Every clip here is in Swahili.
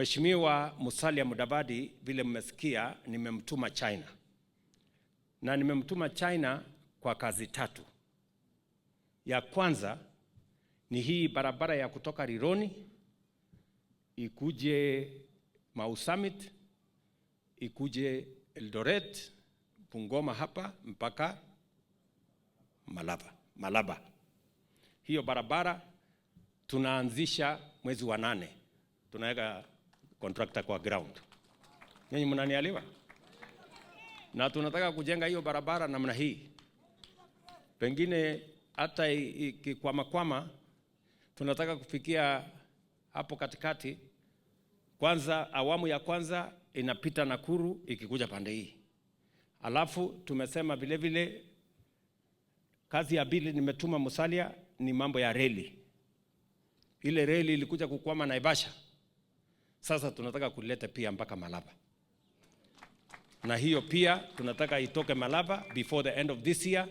Mheshimiwa Musalia Mudavadi, vile mmesikia, nimemtuma China na nimemtuma China kwa kazi tatu. Ya kwanza ni hii barabara ya kutoka Rironi ikuje Mau Summit ikuje Eldoret Bungoma hapa mpaka Malaba, Malaba. Hiyo barabara tunaanzisha mwezi wa nane tunaweka contractor kwa ground. Nyinyi mnanialiwa? Na tunataka kujenga hiyo barabara namna hii, pengine hata ikikwamakwama, tunataka kufikia hapo katikati. Kwanza awamu ya kwanza inapita Nakuru ikikuja pande hii, alafu tumesema vile vile kazi ya bili nimetuma Musalia ni mambo ya reli. Ile reli ilikuja kukwama Naivasha sasa tunataka kulete pia mpaka Malaba, na hiyo pia tunataka itoke Malaba before the end of this year,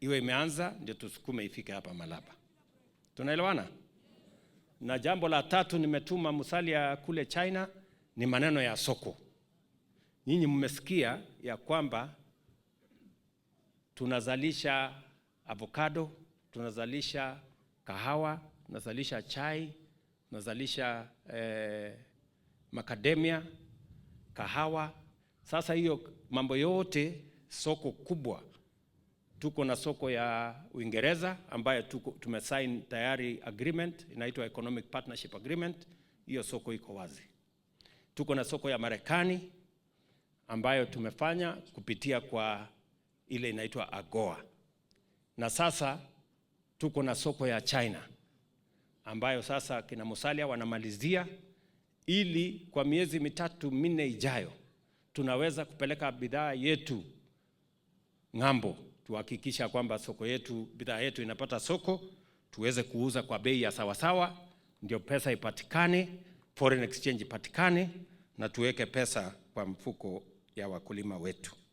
iwe imeanza ndio tusukume ifike hapa Malaba. Tunaelewana? Na jambo la tatu nimetuma Musalia kule China ni maneno ya soko. Nyinyi mmesikia ya kwamba tunazalisha avocado, tunazalisha kahawa, tunazalisha chai, tunazalisha eh, makademia, kahawa. Sasa hiyo mambo yote, soko kubwa. Tuko na soko ya Uingereza ambayo tuko tumesign tayari agreement, inaitwa economic partnership agreement. Hiyo soko iko wazi. Tuko na soko ya Marekani ambayo tumefanya kupitia kwa ile inaitwa AGOA, na sasa tuko na soko ya China ambayo sasa kina Musalia wanamalizia ili kwa miezi mitatu minne ijayo tunaweza kupeleka bidhaa yetu ng'ambo, tuhakikisha kwamba soko yetu, bidhaa yetu inapata soko, tuweze kuuza kwa bei ya sawasawa, ndio pesa ipatikane, foreign exchange ipatikane, na tuweke pesa kwa mfuko ya wakulima wetu.